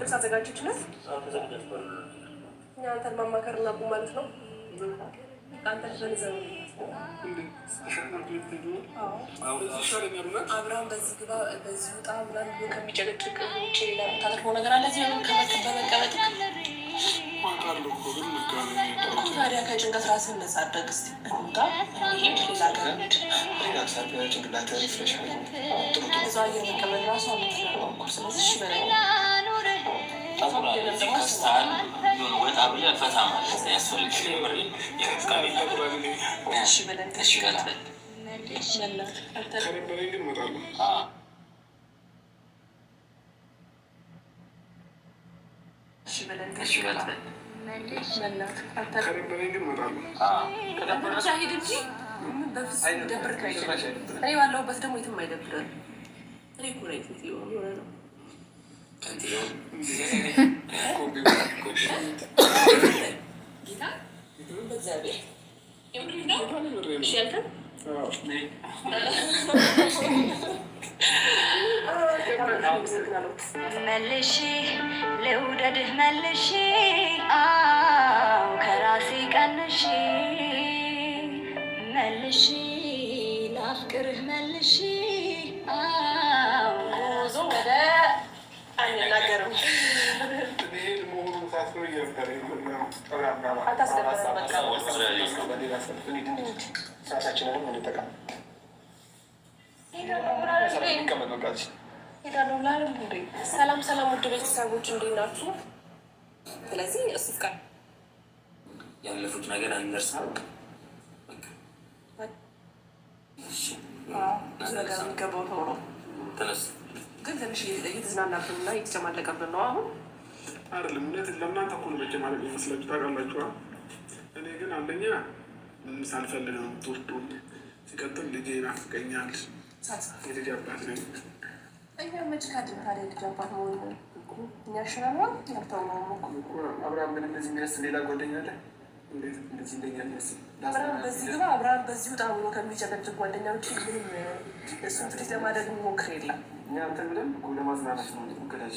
ልብስ አዘጋጀችለት። እኛ አንተን ማማከር እና ማለት ነው። አንተ አብርሃም በዚህ ግባ በዚህ ውጣ ምናምን ብሎ ውጭ ሌላ ነገር አለ እዚህ በመቀመጥ ታዲያ ከጭንቀት ራስህን ነጻ እስኪ እንውጣ፣ እንሂድ፣ ሌላ ሀገር እንሂድ። ብዙ አየር መቀበል ራሱ አመት ነው። ስለዚህ እሺ በላይ ከስታል ወጣ ብለ ፈታ ማለት እኔ ባለሁበት ደግሞ የትም አይደብርም። እኔ እኮ ነው የሆነ ነው መልሼ ልውደድህ መልሼ አው ከራሴ ቀንሼ መልሼ ላፍቅርህ መልሼ ሰላም ሰላም፣ ውድ ቤተሰቦች እንዴት ናችሁ? ስለዚህ እሱ ፍቃድ ያለፉት ነገር አንደርሳም። ነገር የሚገባው ተውሎ ግን ትንሽ እየተዝናናብን እና እየተጨማለቀብን ነው አሁን አይደለም እውነት ለእናንተ እኮ ነው በጀ ማለት ይመስላችሁ ታውቃላችኋል። እኔ ግን አንደኛ ሳልፈልግ ነው የምትወስዱኝ። ሲቀጥል ልጄ ናፍቀኛል። የልጅ አባት ነኝ። አብርሃም ግን እንደዚህ የሚያስብ ሌላ ጓደኛ አለ። በዚህ ግባ አብርሃም በዚህ ውጣ ብሎ ከሚጨቀጭቅ ጓደኛ ውጭ ምንም እሱን ትሪት ለማድረግ ሞክር የለም። እኛ አንተን ብለን ለማዝናናት ነው ገዳጅ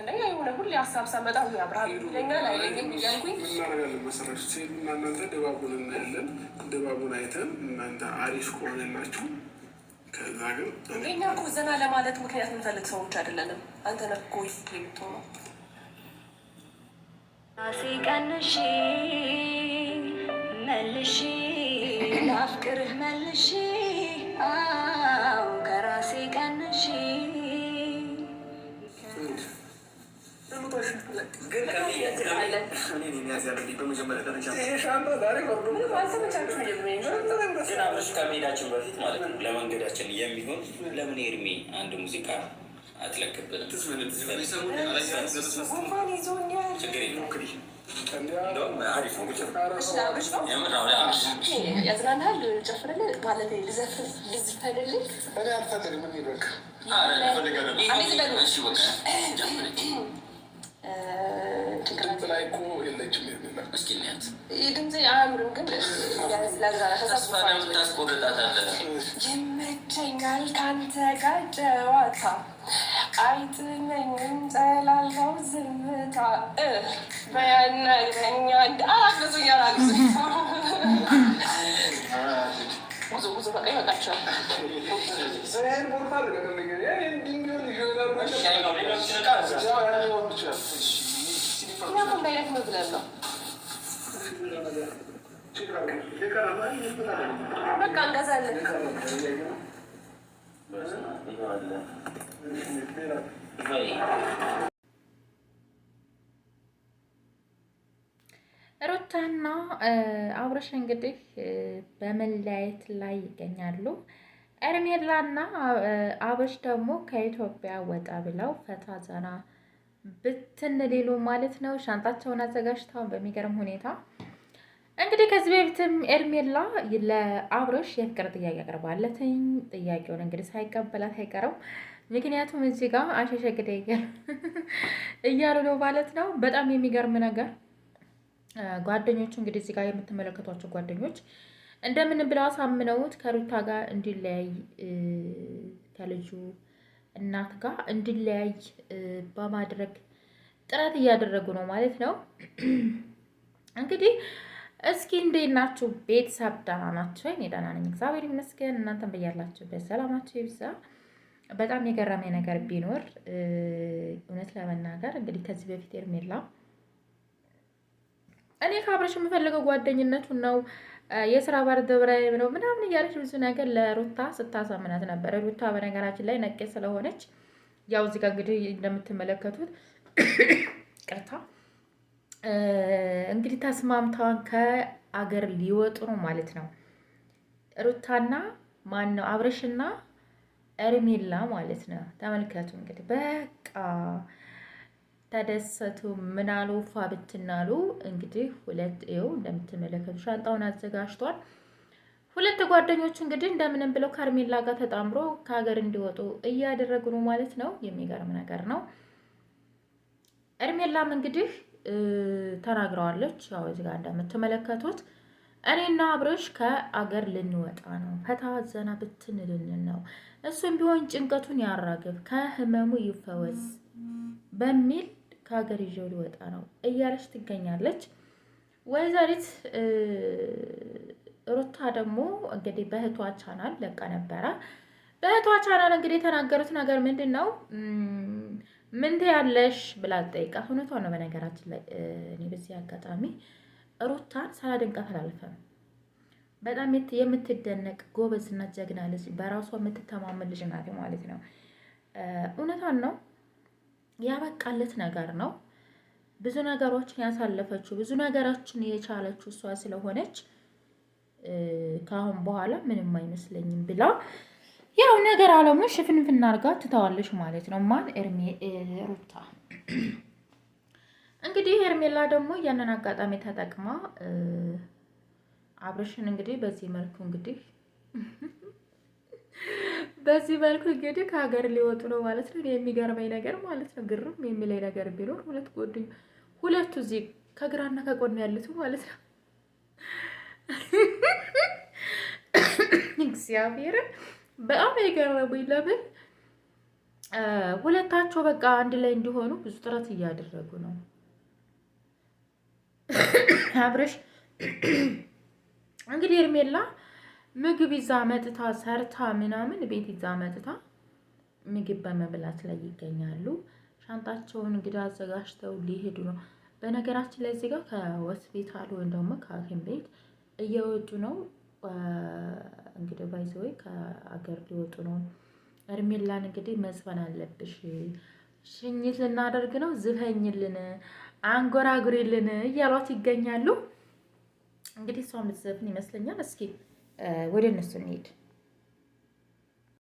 እንደኛ የሆነ ሁሌ ሀሳብ ሳመጣ አብርሃም ይለኛል አይለኝም እያልኩኝ እናደርጋለን እና እናንተ ድባቡን እናያለን። ድባቡን አይተን እናንተ አሪፍ ከሆነላችሁ ከዛ ግን እንደኛ እኮ ዘና ለማለት ምክንያት የምንፈልግ ሰዎች አይደለንም። አንተ ነህ እኮ የምትሆነው መልሺ መልሺ ግን ከመሄዳችን በፊት ማለት ነው ለመንገዳችን የሚሆን ለምን ኤርሚ አንድ ሙዚቃ አትለቅብንም? ድምፅ ላይ እኮ የለችም። እስኪ ድምፅ አያምርም ግን ይመቸኛል ከአንተ ጋር ጨዋታ አይጥመኝም ጠላለው ዝምታ በያናግረኛ አላግዙኝ አላግዙኝ ምክንያቱም ዳይሬክት መዝለል ነው። በቃ እንገዛለን። ሩታና አብረሽ እንግዲህ በመለያየት ላይ ይገኛሉ። ኤርሜላና አብረሽ ደግሞ ከኢትዮጵያ ወጣ ብለው ፈታ ዘና ብትን ሌሉ ማለት ነው። ሻንጣቸውን አዘጋጅተው በሚገርም ሁኔታ እንግዲህ ከዚህ በፊትም ኤርሜላ ለአብርሽ የፍቅር ጥያቄ አቅርባለትኝ ጥያቄውን እንግዲህ ሳይቀበላት አይቀረው። ምክንያቱም እዚህ ጋር አሸሸ ግዴ እያሉ ነው ማለት ነው። በጣም የሚገርም ነገር ጓደኞቹ እንግዲህ እዚህ ጋር የምትመለከቷቸው ጓደኞች እንደምን ብለው አሳምነውት ከሩታ ጋር እንዲለያይ ከልጁ እናት ጋር እንድለያይ በማድረግ ጥረት እያደረጉ ነው ማለት ነው። እንግዲህ እስኪ እንዴት ናችሁ ቤተሰብ? ደህና ናቸው? እኔ ደህና ነኝ እግዚአብሔር ይመስገን። እናንተም በያላችሁበት ሰላማችሁ ይብዛ። በጣም የገረመኝ ነገር ቢኖር እውነት ለመናገር እንግዲህ ከዚህ በፊት ሄርሜላ እኔ ከአብረሽ የምፈልገው ጓደኝነቱን ነው የስራ ደብረ ነው ምናምን እያለች ብዙ ነገር ለሩታ ስታሳምናት ነበር። ሩታ በነገራችን ላይ ነቄ ስለሆነች ያው እዚህ ጋር እንግዲህ እንደምትመለከቱት ቅርታ እንግዲህ ተስማምተዋን ከአገር ሊወጡ ነው ማለት ነው። ሩታና ማን ነው አብረሽና እርሜላ ማለት ነው። ተመልከቱ እንግዲህ በቃ ተደሰቱ ምናሉ ፏ ብትናሉ። እንግዲህ ሁለት ይኸው እንደምትመለከቱ ሻንጣውን አዘጋጅቷል። ሁለት ጓደኞቹ እንግዲህ እንደምንም ብለው ከአርሜላ ጋር ተጣምሮ ከሀገር እንዲወጡ እያደረጉ ነው ማለት ነው። የሚገርም ነገር ነው። እርሜላም እንግዲህ ተናግረዋለች። ያው እዚህ ጋር እንደምትመለከቱት እኔና አብረሽ ከአገር ልንወጣ ነው፣ ፈታ ዘና ብትንልን ነው። እሱም ቢሆን ጭንቀቱን ያራግብ፣ ከህመሙ ይፈወስ በሚል ከሀገር ይዤው ሊወጣ ነው እያለች ትገኛለች። ወይዘሪት ሩታ ደግሞ እንግዲህ በእህቷ ቻናል ለቃ ነበረ። በእህቷ ቻናል እንግዲህ የተናገሩት ነገር ምንድን ነው? ምን ያለሽ ብላ ጠይቃ፣ እውነቷ ነው። በነገራችን ላይ እኔ በዚህ አጋጣሚ ሩታን ሳላደንቃት አላልፈም። በጣም የምትደነቅ ጎበዝና ጀግና ልጅ፣ በራሷ የምትተማመን ልጅ ናት ማለት ነው። እውነቷን ነው። ያበቃለት ነገር ነው። ብዙ ነገሮችን ያሳለፈችው ብዙ ነገሮችን የቻለችው እሷ ስለሆነች ከአሁን በኋላ ምንም አይመስለኝም ብላ ያው ነገር አለሙ ሽፍንፍና አርጋ ትተዋለች ማለት ነው። ማን ሩታ እንግዲህ ሄርሜላ ደግሞ ያንን አጋጣሚ ተጠቅማ አብርሽን እንግዲህ በዚህ መልኩ እንግዲህ በዚህ መልኩ እንግዲህ ከሀገር ሊወጡ ነው ማለት ነው። የሚገርመኝ ነገር ማለት ነው ግርም የሚለኝ ነገር ቢኖር ሁለት ጎድኝ ሁለቱ እዚህ ከግራና ከቆን ያሉት ማለት ነው እግዚአብሔር በጣም የገረሙኝ ለምን ሁለታቸው በቃ አንድ ላይ እንዲሆኑ ብዙ ጥረት እያደረጉ ነው። አብረሽ እንግዲህ እርሜላ ምግብ ይዛ መጥታ ሰርታ ምናምን ቤት ይዛ መጥታ ምግብ በመብላት ላይ ይገኛሉ። ሻንጣቸውን እንግዲህ አዘጋጅተው ሊሄዱ ነው። በነገራችን ላይ እዚጋ ከሆስፒታል ወይም ደግሞ ከሐኪም ቤት እየወጡ ነው። እንግዲህ ወይ ከአገር ሊወጡ ነው። እርሜላን እንግዲህ መዝፈን አለብሽ፣ ሽኝት ልናደርግ ነው፣ ዝፈኝልን፣ አንጎራጉሪልን እያሏት ይገኛሉ። እንግዲህ እሷ ልትዘፍን ይመስለኛል እስኪ uh, we didn't need